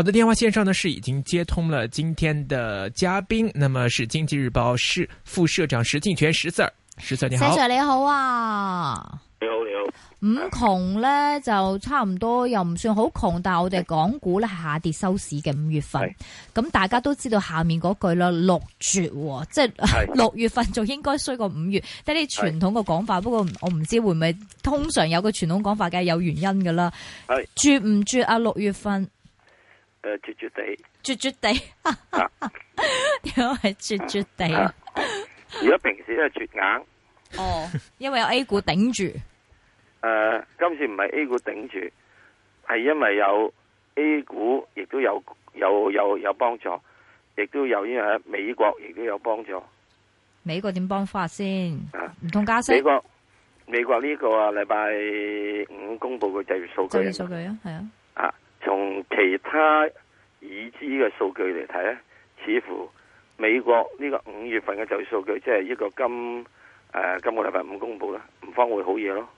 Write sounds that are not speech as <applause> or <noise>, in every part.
我的電話線上呢，是已經接通了今天的嘉賓，那麼是《經濟日報》市副社長石鏡泉石 Sir 石 Sir，你，你、啊、你好，你好啊，你好你好，五窮咧就差唔多又唔算好窮，但係我哋港股咧下跌收市嘅五月份，咁是大家都知道下面嗰句啦，六絕、哦、即係是六月份仲應該衰過五月，但係啲傳統嘅講法，是不過我唔知會唔會通常有個傳統講法梗係有原因噶啦，是絕唔絕啊六月份？.誒、呃，絕絕地，絕絕地，如果係絕絕地、啊啊啊，如果平時都係絕硬，哦，因為有 A 股頂住。誒、啊呃，今次唔係 A 股頂住，係因為有 A 股，亦都有有有有幫助，亦都有因為美國，亦都有幫助。美國點幫法先？唔、啊、同加息。美國美國呢個啊禮拜五公布嘅就業數據，就業數據啊，係啊。從其他已知嘅數據嚟睇咧，似乎美國呢個五月份嘅就業數據，即係呢個今誒、呃、今個禮拜五公布啦，唔方會好嘢咯。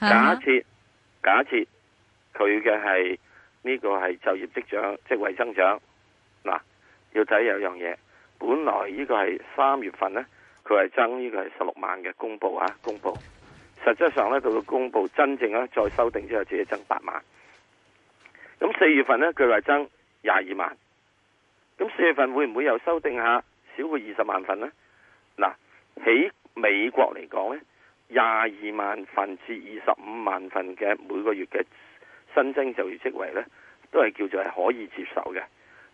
假設、啊、假設佢嘅係呢個係就業職長職位增長，嗱要睇有樣嘢，本來呢個係三月份咧，佢係增呢個係十六萬嘅公布啊，公布實質上咧到佢公布真正咧再修訂之後，只係增八萬。咁四月份咧，佢話增廿二萬。咁四月份會唔會又修訂下少過二十萬份呢？嗱，喺美國嚟講呢，廿二萬份至二十五萬份嘅每個月嘅新增就業職位呢，都係叫做係可以接受嘅。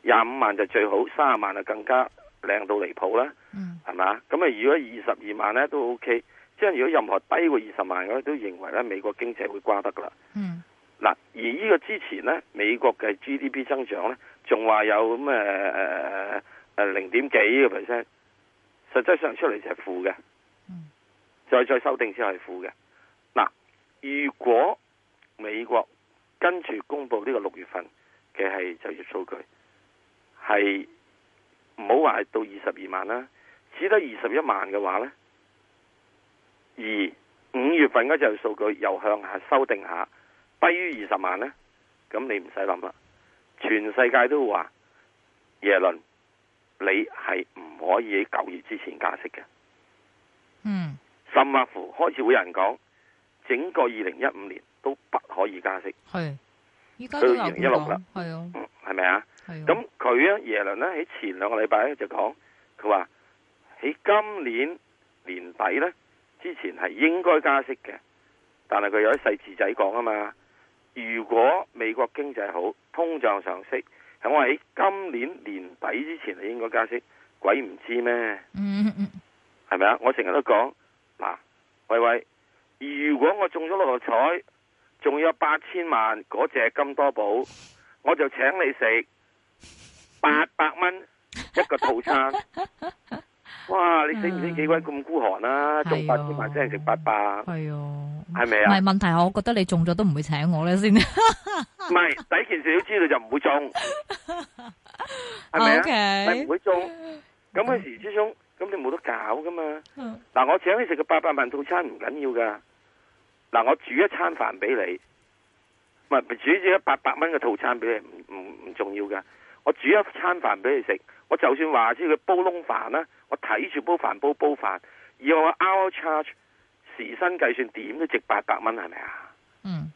廿五萬就最好，三十萬啊更加靚到離譜啦。嗯。係嘛？咁啊，如果二十二萬呢都 OK，即係如果任何低過二十萬嘅，都認為呢美國經濟會瓜得噶啦。嗯。嗱，而呢個之前咧，美國嘅 GDP 增長咧，仲話有咁誒誒誒零點幾個 percent，實際上出嚟就係負嘅，嗯、再再修訂先係負嘅。嗱、啊，如果美國跟住公布呢個六月份嘅係就業數據，係唔好話係到二十二萬啦，只得二十一萬嘅話咧，而五月份嘅就業數據又向下修訂下。低於二十萬呢，咁你唔使諗啦。全世界都會話耶倫，你係唔可以喺九月之前加息嘅。嗯，甚至乎開始會有人講，整個二零一五年都不可以加息。係，依家都二零一六啦，係咪啊？咁佢耶倫呢，喺前兩個禮拜呢就講，佢話喺今年年底呢之前係應該加息嘅，但係佢有啲細字仔講啊嘛。如果美國經濟好，通脹上升，係我喺今年年底之前，你應該加息，鬼唔知咩？係咪啊？我成日都講嗱，喂喂，如果我中咗六合彩，仲有八千萬嗰隻金多寶，我就請你食八百蚊一個套餐。 <laughs> 哇！你死唔死？幾鬼咁孤寒啦？中八千萬真係食八百，係啊，係咪啊？唔係問題，我覺得你中咗都唔會請我咧先。唔係第一件事要知道就唔會中，係咪啊？唔會中，咁嗰時之中，咁你冇得搞噶嘛？嗱，我請你食個八百萬套餐唔緊要噶。嗱，我煮一餐飯俾你，唔係煮住一八百蚊嘅套餐俾你，唔唔唔重要噶。我煮一餐飯俾你食，我就算話知佢煲窿飯啦，我睇住煲飯煲煲飯，以我 hour charge 時薪計算點都值八百蚊，係咪啊？嗯，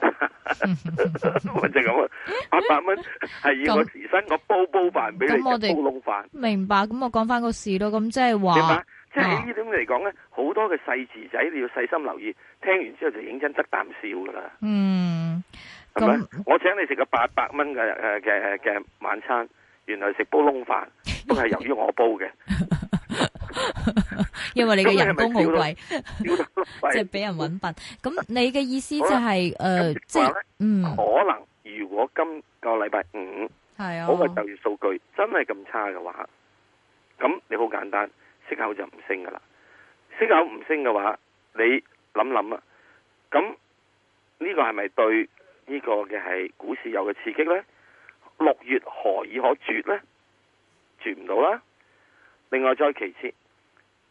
就咁啊，八百蚊係以我時薪我煲煲飯俾你煲窿飯。明白，咁我講翻個事咯，咁即係話，即係你呢點嚟講咧，好多嘅細字仔你要細心留意，聽完之後就認真得啖笑噶啦。嗯。咁，我請你食個八百蚊嘅誒嘅嘅晚餐，原來食煲窿飯都係由於我煲嘅，因為你嘅人工好貴，即係俾人搵笨。咁你嘅意思就係誒，即係嗯，可能如果今個禮拜五，係啊，嗰個就業數據真係咁差嘅話，咁你好簡單，息口就唔升噶啦。息口唔升嘅話，你諗諗啊，咁呢個係咪對？呢個嘅係股市有嘅刺激呢？六月何以可絕呢？絕唔到啦！另外再其次，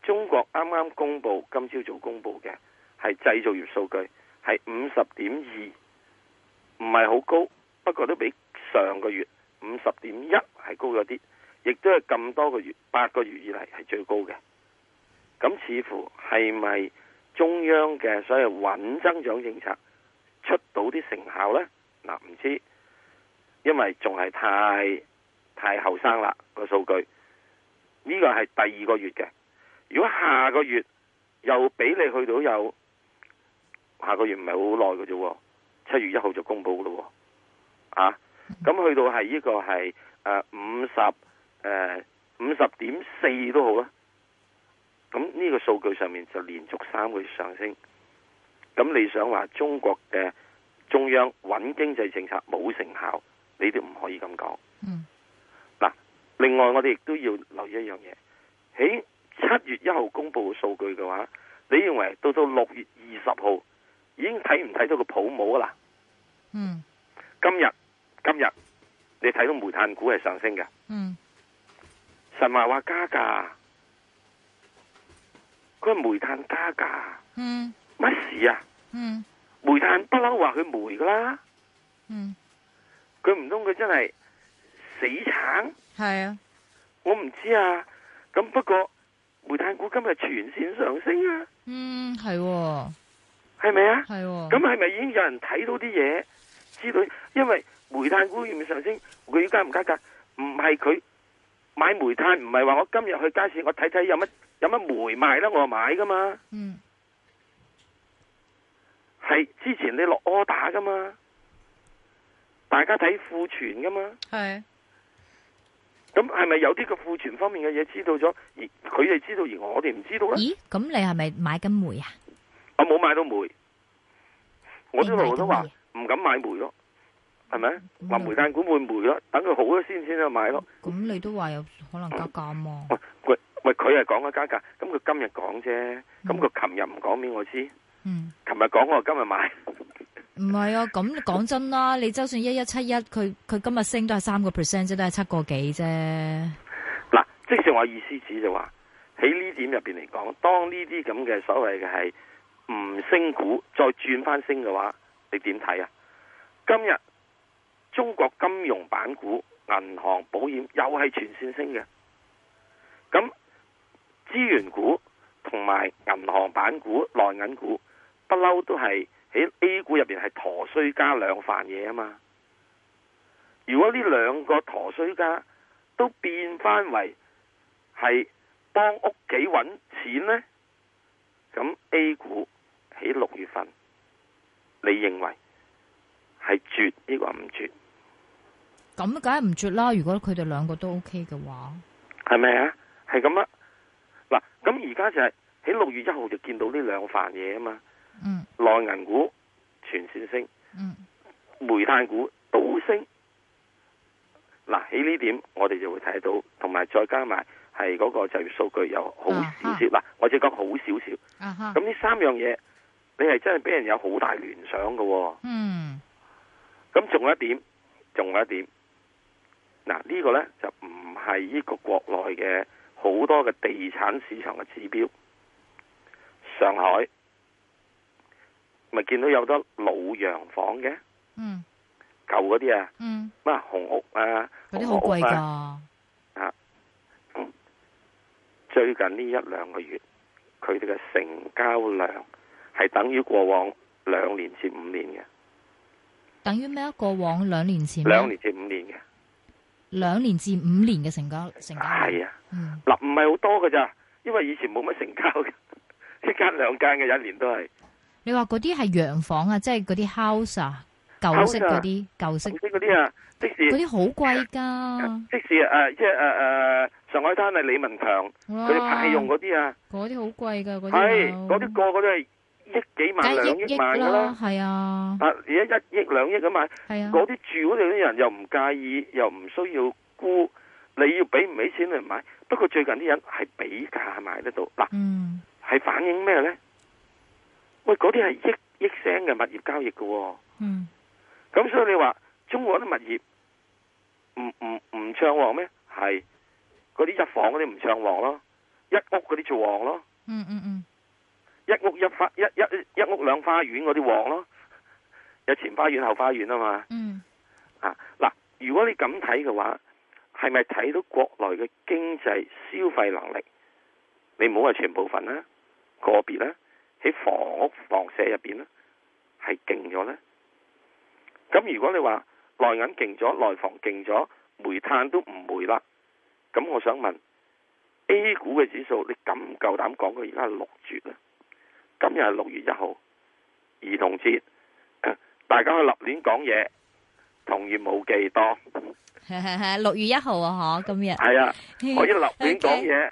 中國啱啱公布，今朝早做公布嘅係製造業數據，係五十點二，唔係好高，不過都比上個月五十點一係高咗啲，亦都係咁多個月八個月以嚟係最高嘅。咁似乎係咪中央嘅所謂穩增長政策？出到啲成效咧，嗱、啊、唔知，因為仲係太太後生啦個數據，呢、這個係第二個月嘅。如果下個月又俾你去到有，下個月唔係好耐嘅啫，七月一號就公布嘅咯，咁、啊、去到係呢個係誒五十誒五十點四都好啦，咁呢個數據上面就連續三個月上升。咁你想話中國嘅中央穩經濟政策冇成效，你都唔可以咁講。嗯，嗱，另外我哋亦都要留意一樣嘢，喺七月一號公布嘅數據嘅話，你認為到到六月二十號已經睇唔睇到個 PMI 啦？嗯，今，今日今日你睇到煤炭股係上升嘅。嗯，神華話加價，佢係煤炭加價。嗯。乜事啊？嗯，煤炭不嬲話佢煤噶啦。嗯，佢唔通佢真係死橙？係啊，我唔知啊。咁不過煤炭股今日全線上升啊。嗯，係、哦，係咪啊？係。咁係咪已經有人睇到啲嘢知道？因為煤炭股要唔上升，佢要加唔加價？唔係佢買煤炭，唔係話我今日去街市，我睇睇有乜有乜煤賣啦，我買噶嘛。嗯。係之前你落柯打噶嘛，大家睇庫存噶嘛，係的，咁係咪有啲個庫存方面嘅嘢知道咗？而佢哋知道，而我哋唔知道咧？咦？咁你係咪買緊煤啊？我冇買到煤，到煤我都話都話唔敢買煤咯，係咪？話煤炭股會煤咯，等佢好咗先先去買咯。咁你都話有可能加價喂喂喂，佢係講啊加價，咁佢今日講啫，咁佢琴日唔講俾我知。嗯，琴日講我今日買，唔 <laughs> 係啊，咁講真啦，你就算一一七一，佢佢今日升都係三個 percent 啫，都係七個幾啫。嗱，即使我意思指就話，喺呢點入邊嚟講，當呢啲咁嘅所謂嘅係唔升股再轉翻升嘅話，你點睇啊？今日中國金融板股、銀行、保險又係全線升嘅，咁資源股同埋銀行板股、內銀股。不嬲都係喺 A 股入邊係陀衰家兩凡嘢啊嘛！如果呢兩個陀衰家都變翻為係幫屋企搵錢咧，咁 A 股喺六月份，你認為係絕抑或唔絕？咁梗係唔絕啦！如果佢哋兩個都 OK 嘅話，係咪啊？係咁啊！嗱，咁而家就係喺六月一號就見到呢兩凡嘢啊嘛！內銀股全線升，煤炭股倒升，嗱喺呢點我哋就會睇到，同埋再加埋係嗰個就業數據又好少少，嗱、uh huh. 啊、我只講好少少，咁呢、uh huh. 三樣嘢你係真係俾人有好大聯想嘅、哦，咁仲、uh huh. 有一點，仲有一點，嗱、啊這個、呢個咧就唔係呢個國內嘅好多嘅地產市場嘅指標，上海。咪見到有得老洋房嘅，嗯，舊嗰啲啊，嗯，乜紅屋啊，嗰啲好貴噶，啊，最近呢一兩個月，佢哋嘅成交量係等於過往兩年至五年嘅，等於咩啊？過往兩年前，兩年至五年嘅，兩年至五年嘅成交成交係啊，嗱唔係好多噶咋，因為以前冇乜成交嘅，一間兩間嘅一年都係。你話嗰啲係洋房啊，即係嗰啲 house，舊、啊、式嗰啲舊式嗰啲啊，即時嗰啲好貴噶，即時誒，即係誒誒，上海灘係李文強佢哋派用嗰啲啊，嗰啲好貴噶，嗰啲係嗰啲個個都係億幾萬、兩億萬噶啦，係啊，而家一億兩億咁買，係啊，嗰啲、啊、住嗰度啲人又唔介意，又唔需要估，你要俾唔俾錢嚟買？不過最近啲人係比價買得到，嗱，係、嗯、反映咩咧？喂，嗰啲係億億聲嘅物業交易嘅、哦，嗯，咁所以你話中國啲物業唔唔唔暢旺咩？係嗰啲一房嗰啲唔暢旺咯，一屋嗰啲就旺咯，嗯嗯嗯一一一一一，一屋一花一一一屋兩花園嗰啲旺咯，有前花園後花園啊嘛，嗯，啊嗱，如果你咁睇嘅話，係咪睇到國內嘅經濟消費能力？你唔好話全部份啦、啊，個別啦、啊。喺房屋房舍入邊咧，係勁咗咧。咁如果你話內銀勁咗，內房勁咗，煤炭都唔會啦。咁我想問 A 股嘅指數，你敢夠膽講佢而家六絕咧？今日係六月一號，兒童節，大家去立亂講嘢，童言無忌多。六月一號啊，嗬，今日係啊，可以立亂講嘢。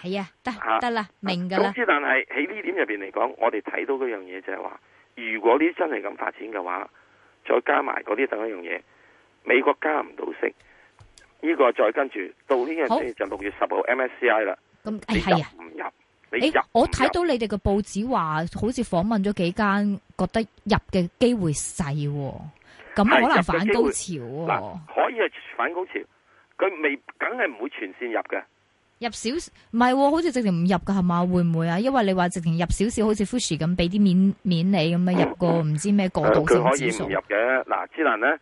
係啊，得得啦，明噶啦。總之，但係喺呢點入邊嚟講，我哋睇到嗰樣嘢就係話，如果呢真係咁發展嘅話，再加埋嗰啲等一樣嘢，美國加唔到息，呢、這個再跟住到呢日好就六月十號 MSCI 啦。咁誒係啊，唔入，入。誒、哎，我睇到你哋嘅報紙話，好似訪問咗幾間覺得入嘅機會細、啊，咁可能反高潮、啊。嗱，可以係反高潮，佢未梗係唔會全線入嘅。入少唔係喎，好似直情唔入噶係嘛？會唔會啊？因為你話直情入少少，好似 fushy 咁，俾啲免免你咁樣入個唔知咩過度先、嗯嗯、佢可以唔入嘅嗱，之能咧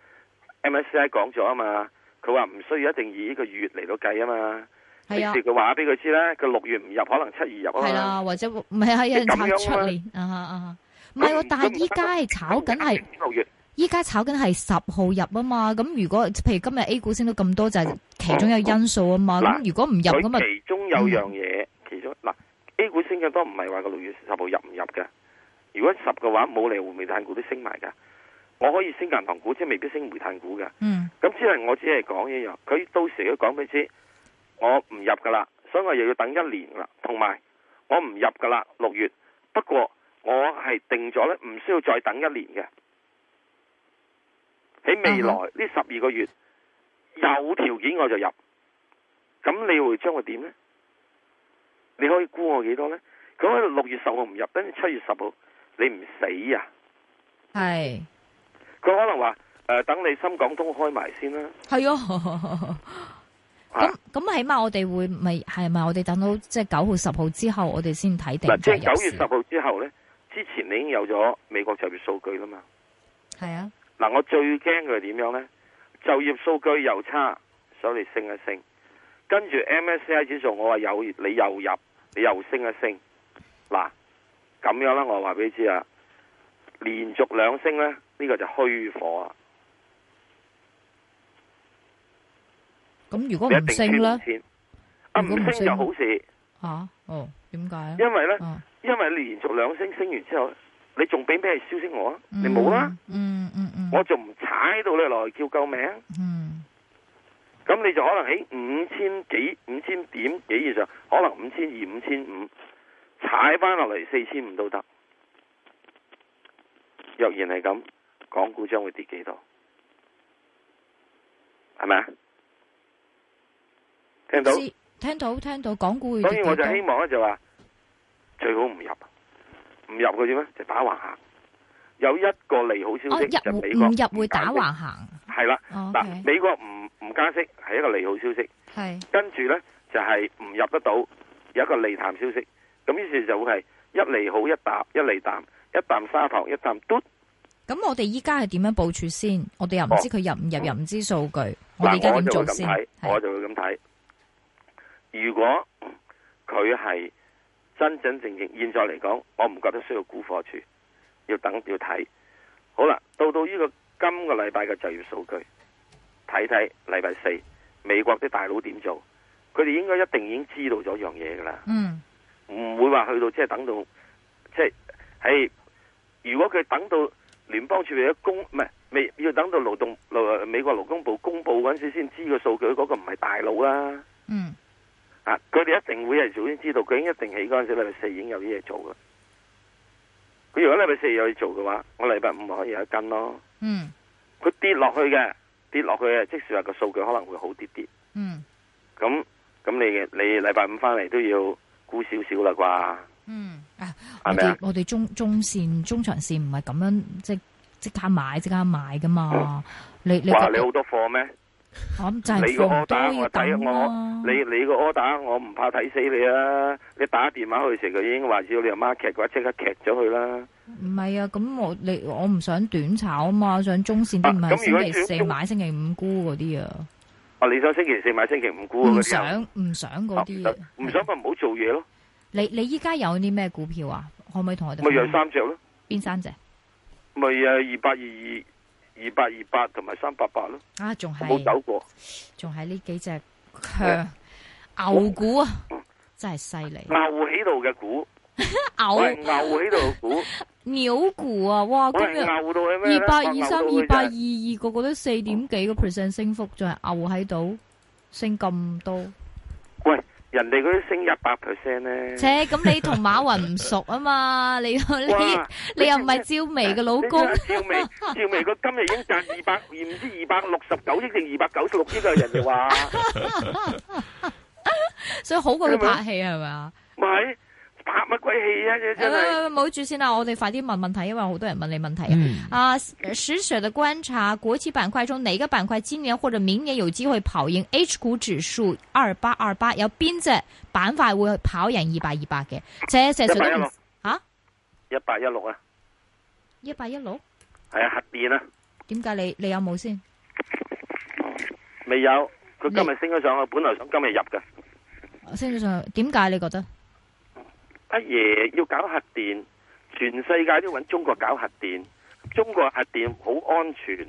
MSCI 講咗啊說了嘛，佢話唔需要一定以呢個月嚟到計啊嘛。係啊。佢話俾佢知咧，佢六月唔入，可能七月入啊。係啦，或者唔係，啊，有人炒出嚟來啊不啊！唔係喎，但而家係炒緊係。六月。依家炒緊係十號入啊嘛，咁如果譬如今日 A 股升到咁多，就係、是、其中有因素啊嘛。咁、嗯、如果唔入咁嘛？其中有樣嘢，嗯、其中嗱 A 股升咁多，唔係話個六月十號入唔入嘅。如果十嘅話，冇嚟回煤炭股都升埋嘅。我可以升銀行股，即係未必升煤炭股嘅。嗯，咁只係我只係講一樣。佢到時佢講俾你知，我唔入噶啦，所以我又要等一年啦。同埋我唔入噶啦六月，不過我係定咗咧，唔需要再等一年嘅。喺未來呢十二個月，uh huh. 有條件我就入，咁你會將佢點咧？你可以估我幾多咧？咁六月十號唔入，跟住，七月十號你唔死啊？係是，佢可能話誒、呃，等你深港通開埋先啦。係哦，咁咁起碼我哋會咪係咪？是不是我哋等到即係九號十號之後我，我哋先睇定。即係九月十號之後咧，之前你已經有咗美國就業數據啦嘛？係啊。嗱、啊，我最驚佢係點樣咧？就業數據又差，所以你升一升。跟住 MSCI 指數，我話有你又入，你又升一升。嗱、啊，咁樣啦，我話俾你知啊，連續兩升咧，呢、這個就虛火啊。咁如果升你一定唔先，啊唔升就好事。吓、啊、哦，點解啊？因為咧，因為連續兩升升完之後，你仲俾咩消息我啊？你冇啦。嗯。我仲唔踩到你落嚟叫救命。嗯。咁你就可能喺五千幾、五千點幾以上，可能五千二、五千五踩翻落嚟四千五都得。若然係咁，港股將會跌幾多？係咪啊？聽到聽到聽到，聽到港股。所以我就希望咧，就話最好唔入，唔入佢啫咩？就打橫行。有一個利好消息，哦、入就美國唔入會打橫行，係啦的，嗱、哦，okay，美國唔唔加息係一個利好消息，係的，跟住咧就係、是、唔入得到有一個利淡消息，咁於是就會係一利好一打一利淡一啖沙糖一啖嘟，咁我哋依家係點樣部署先？我哋又唔知佢入唔入，哦、入，入，又唔知數據，但 我哋而家點做先？我就會咁睇，的就會咁睇。如果佢係真真正正，正現在嚟講，我唔覺得需要沽貨處。要等要睇，好啦，到到、這、呢個今個禮拜嘅就業數據，睇睇禮拜四美國啲大佬點做，佢哋應該一定已經知道咗樣嘢噶啦，嗯，唔會話去到即係、就是、等到即係係，如果佢等到聯邦儲備一公唔係未要等到勞動勞美國勞工部公布嗰陣時先知個數據，嗰、那個唔係大佬、嗯、啊，嗯，啊，佢哋一定會係首先知道，佢已經一定喺嗰陣時禮拜四已經有啲嘢做啦。佢如果禮拜四有要做嘅話，我禮拜五就可以有一斤咯。嗯，佢跌落去嘅，跌落去嘅，即使話個數據可能會好啲啲。嗯，咁咁你嘅你禮拜五翻嚟都要估少少啦啩？嗯，啊，我哋中中線中長線唔係咁樣即即刻買即刻買噶嘛？嗯、你你話你好多貨咩？我唔在乎都要大啊！就是，你你個 order 我唔怕睇死你啊！你打電話去成佢已經話要你阿媽 cut 嘅話即刻 cut 咗佢啦。唔係啊，咁我你我唔想短炒啊嘛，我想中線啲，唔係星期四買星期五沽嗰啲啊。啊，你想星期四買星期五沽？唔想，唔想嗰啲唔想咪唔好做嘢咯。啊、你你依家有啲咩股票啊？可唔可以同我哋？咪有三隻咯。邊三隻？咪啊，二八二二。二八二八同埋三八八咯，啊，仲係冇走過，仲係呢幾隻強牛股啊，真係犀利，牛起度嘅股，牛牛起度股，牛股啊，哇，咁牛到咩二八二三、二八二二，個個都四點幾個 percent 升幅，仲係牛喺度升咁多，喂。人哋嗰啲升一百 percent 咧，且咁 <laughs> 你同馬雲唔熟啊嘛，你哇你，你又唔係趙薇嘅老公，趙薇，趙薇佢今日已經賺二百，唔知二百六十九億定二百九十六億啦，人哋話，所以好過佢拍戲係咪啊？咪。係乜鬼氣啊！冇住先啦，我哋快啲問問題，因為好多人問你問題、嗯、啊！阿石 Sir 嘅觀察，國企板塊中，你塊28 28, 哪個板塊今年或者明年有機會跑贏 H 股指數二八二八？有邊隻板塊會跑贏二八二八嘅？即係最近吓一八一六啊！一八一六係啊，核電 11 6? 啊？點解、啊、你你有冇先？未有，佢今日升咗上去，你本來想今日入嘅、啊。升咗上去，點解你覺得？阿爺、啊、要搞核電，全世界都要揾中國搞核電。中國核電好安全。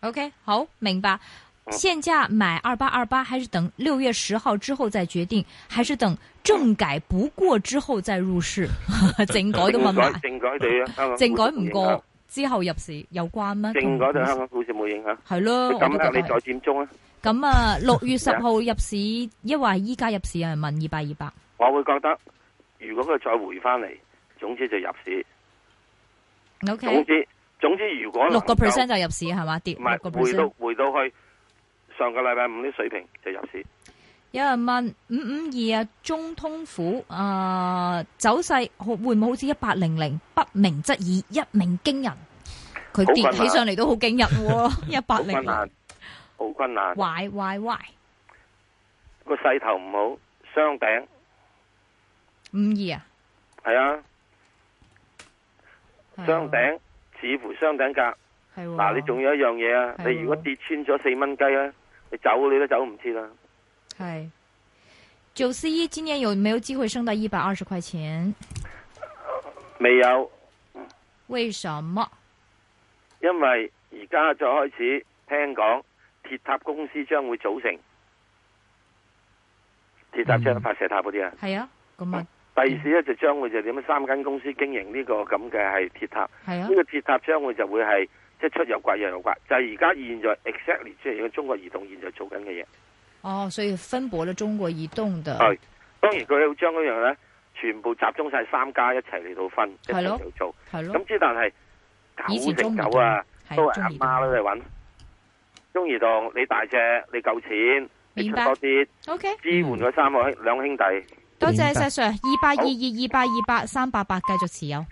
OK，好明白。現價買二八二八，還是等六月十號之後再決定，還是等政改不過之後再入市？政 <laughs> 改都問埋。政改對。啊，政改唔過之後入市有關咩？政改對，股市冇影響。係咯，咁你再佔中啦。咁啊，六月十號入市，抑或係依家入市啊？問二八二八。我會覺得。如果佢再回翻嚟，總之就入市。O Okay . K，總之總之如果六個 percent 就入市係嘛跌六個 percent 回到回到去上個禮拜五啲水平就入市。有人問五五二啊，中通服，啊、呃，走勢會唔會好似一八零零不鳴則已，一鳴驚人。佢跌起上嚟都好驚人、哦，一八零零。好困難，好 <laughs> 困難。喂喂喂，個勢頭唔好，雙頂。五二啊！係啊，雙頂，似乎雙頂格。係嗱、啊啊，你仲有一樣嘢啊！你如果跌穿咗四蚊雞咧，你走你都走唔切啦。係九四一今年有沒有機會升到一百二十塊錢？未有。為什麼？因為而家再開始聽講，鐵塔公司將會組成鐵塔車發射塔嗰啲啊。係啊，咁啊。第二次咧就將會就點樣三間公司經營呢個咁嘅係鐵塔，呢、啊、個鐵塔將會就會係即係出入貴又貴，就係而家現在，在 exactly 即係中國移動現在，在做緊嘅嘢。哦，所以分薄咗中國移動嘅係，當然佢要將嗰樣咧全部集中晒三家一齊嚟到分咯一齊嚟到做，咁之但係九成九啊，都係阿媽嚟揾。中移動，中移動你大隻，你夠錢白你出多啲，OK，支援嗰三個兩兄弟。嗯多謝石 Sir，二八二二、二八二八、三八八，繼續持有。